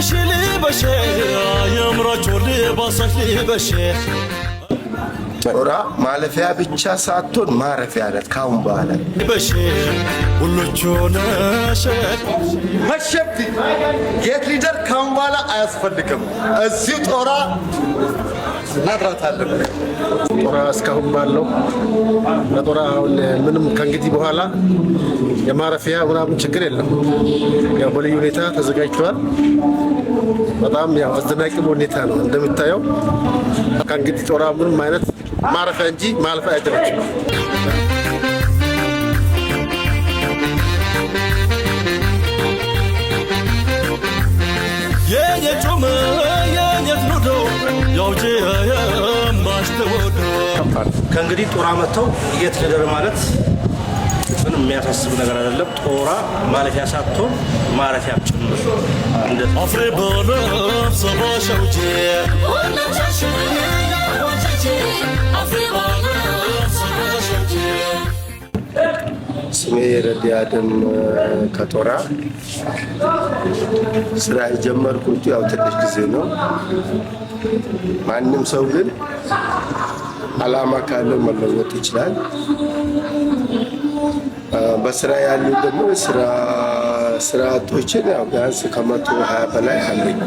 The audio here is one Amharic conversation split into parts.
باش ጮራ ማለፊያ ብቻ ሳትሆን ማረፊያ ናት። ካሁን በኋላ መሸብቲ ጌት ሊደር ካሁን በኋላ አያስፈልግም። እዚሁ ጦራ እናድራታለን። ጦራ እስካሁን ባለው ለጦራ አሁን ምንም ከእንግዲህ በኋላ የማረፊያ ምናምን ችግር የለም። ያው በልዩ ሁኔታ ተዘጋጅተዋል። በጣም ያው አስደናቂ ሁኔታ ነው እንደምታየው። ከእንግዲህ ጦራ ምንም አይነት ማረፊያ እንጂ ማለፊያ አይደለችም። ከእንግዲህ ጦራ መጥተው የት ልደር ማለት ምን የሚያሳስብ ነገር አይደለም። ጦራ ማለፊያ ሳቶ ማረፊያ ጭምር አፍሬ ስሜ ረዲ አደም ከጦራ ስራ የጀመርኩት ያው ትንሽ ጊዜ ነው። ማንም ሰው ግን አላማ ካለው መለወጥ ይችላል። በስራ ያሉ ደግሞ ስራ አጦችን ቢያንስ ከመቶ ሀያ በላይ አለኝ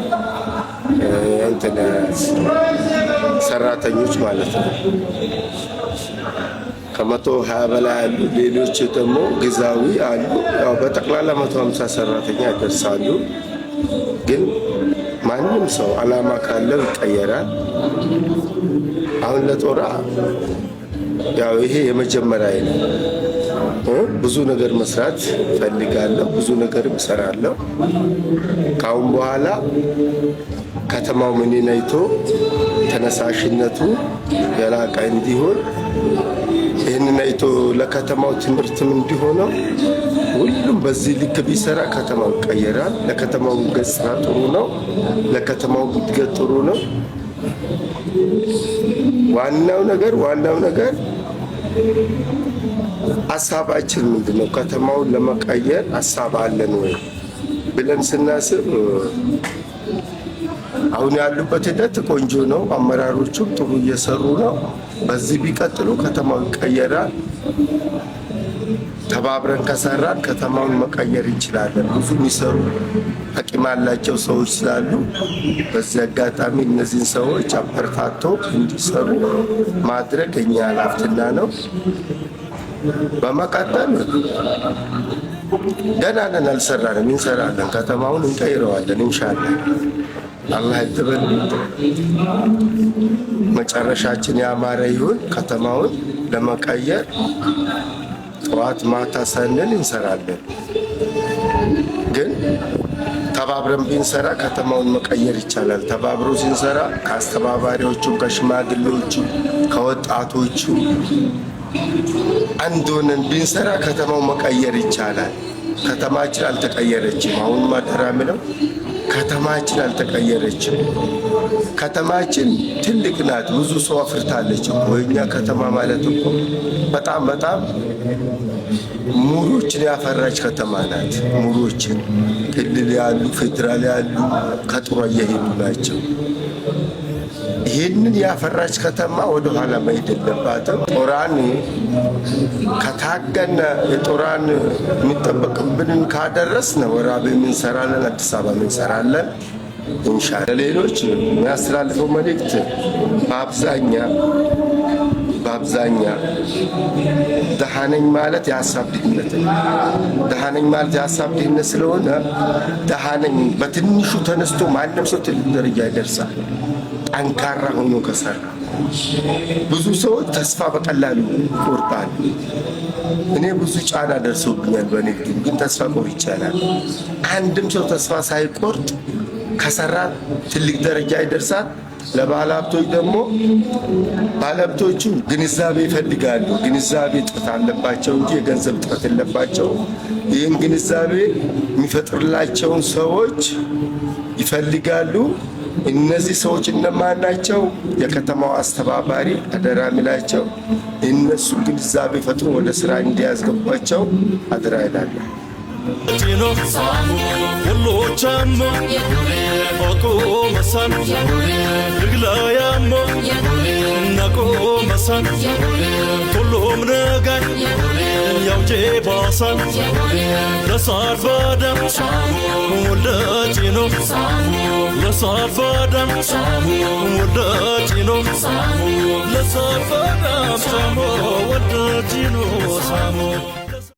እንትን ሰራተኞች ማለት ነው። ከመቶ ሀያ በላይ አሉ። ሌሎች ደግሞ ጊዜያዊ አሉ። ያው በጠቅላላ መቶ ሀምሳ ሰራተኛ ይደርሳሉ ግን ማንም ሰው አላማ ካለው ይቀየራል። አሁን ለጦራ ያው ይሄ የመጀመሪያ ነው። ብዙ ነገር መስራት ፈልጋለሁ፣ ብዙ ነገር እሰራለሁ። ካሁን በኋላ ከተማው ምን አይቶ ተነሳሽነቱ የላቀ እንዲሆን ይህንን አይቶ ለከተማው ትምህርትም እንዲሆነው ሁሉም በዚህ ልክ ቢሰራ ከተማው ይቀየራል። ለከተማው ገጽታ ጥሩ ነው። ለከተማው እድገት ጥሩ ነው። ዋናው ነገር ዋናው ነገር ሀሳባችን ምንድን ነው? ከተማውን ለመቀየር ሀሳብ አለን ወይ ብለን ስናስብ አሁን ያሉበት ሂደት ቆንጆ ነው። አመራሮቹም ጥሩ እየሰሩ ነው። በዚህ ቢቀጥሉ ከተማው ይቀየራል። ተባብረን ከሰራን ከተማውን መቀየር እንችላለን። ብዙ የሚሰሩ አቅም ያላቸው ሰዎች ስላሉ በዚህ አጋጣሚ እነዚህን ሰዎች አበርታቶ እንዲሰሩ ማድረግ እኛ ኃላፊነት ነው። በመቀጠል ገና ነን፣ አልሰራንም፣ እንሰራለን። ከተማውን እንቀይረዋለን ኢንሻላህ። አላህ ይበል። መጨረሻችን ያማረ ይሁን። ከተማውን ለመቀየር ጠዋት ማታ ሰንል እንሰራለን። ግን ተባብረን ብንሰራ ከተማውን መቀየር ይቻላል። ተባብሮ ሲንሰራ ከአስተባባሪዎቹም፣ ከሽማግሌዎቹ ከወጣቶቹ አንድ ቢንሰራ ብንሰራ ከተማው መቀየር ይቻላል። ከተማችን አልተቀየረችም። አሁን ማደራ ምለው ከተማችን አልተቀየረችም። ከተማችን ትልቅ ናት፣ ብዙ ሰው አፍርታለች ወይኛ ከተማ ማለት እኮ በጣም በጣም ሙሮችን ያፈራች ከተማ ናት። ሙሮችን ክልል ያሉ ፌዴራል ያሉ ከጥሮ እየሄዱ ናቸው። ይህንን ያፈራች ከተማ ወደ ኋላ መሄድ የለባትም። ጦራን ከታገነ የጦራን የሚጠበቅብንን ካደረስን ወራቤ እንሰራለን፣ አዲስ አበባ እንሰራለን። እንሻ ለሌሎች የሚያስተላልፈው መልእክት በአብዛኛ በአብዛኛ ደሃነኝ ማለት የሀሳብ ድህነት ደሃነኝ ማለት የሀሳብ ድህነት ስለሆነ ደሃነኝ በትንሹ ተነስቶ ማንም ሰው ትልቅ ደረጃ ይደርሳል። ጠንካራ ሆኖ ከሰራ ብዙ ሰዎች ተስፋ በቀላሉ ቆርጣል። እኔ ብዙ ጫና ደርሶብኛል በንግዱ ግን ተስፋ ቆር ይቻላል። አንድም ሰው ተስፋ ሳይቆርጥ ከሰራ ትልቅ ደረጃ ይደርሳል። ለባላብቶች ደግሞ ባለሀብቶቹ ግንዛቤ ይፈልጋሉ። ግንዛቤ እጥረት አለባቸው እንጂ የገንዘብ ጥረት የለባቸው። ይህን ግንዛቤ የሚፈጥርላቸውን ሰዎች ይፈልጋሉ። እነዚህ ሰዎች እነማን ናቸው? የከተማው አስተባባሪ አደራ ሚላቸው እነሱ ግንዛቤ ፈጥሮ ወደ ስራ እንዲያስገባቸው አደራ ይላለ። ያውጄባ ሳል ለሳር በደም ወለጪ ነው ለሳር በደም ወለጪ ነው ለሳር በደም ወለጪ ነው ሳሞ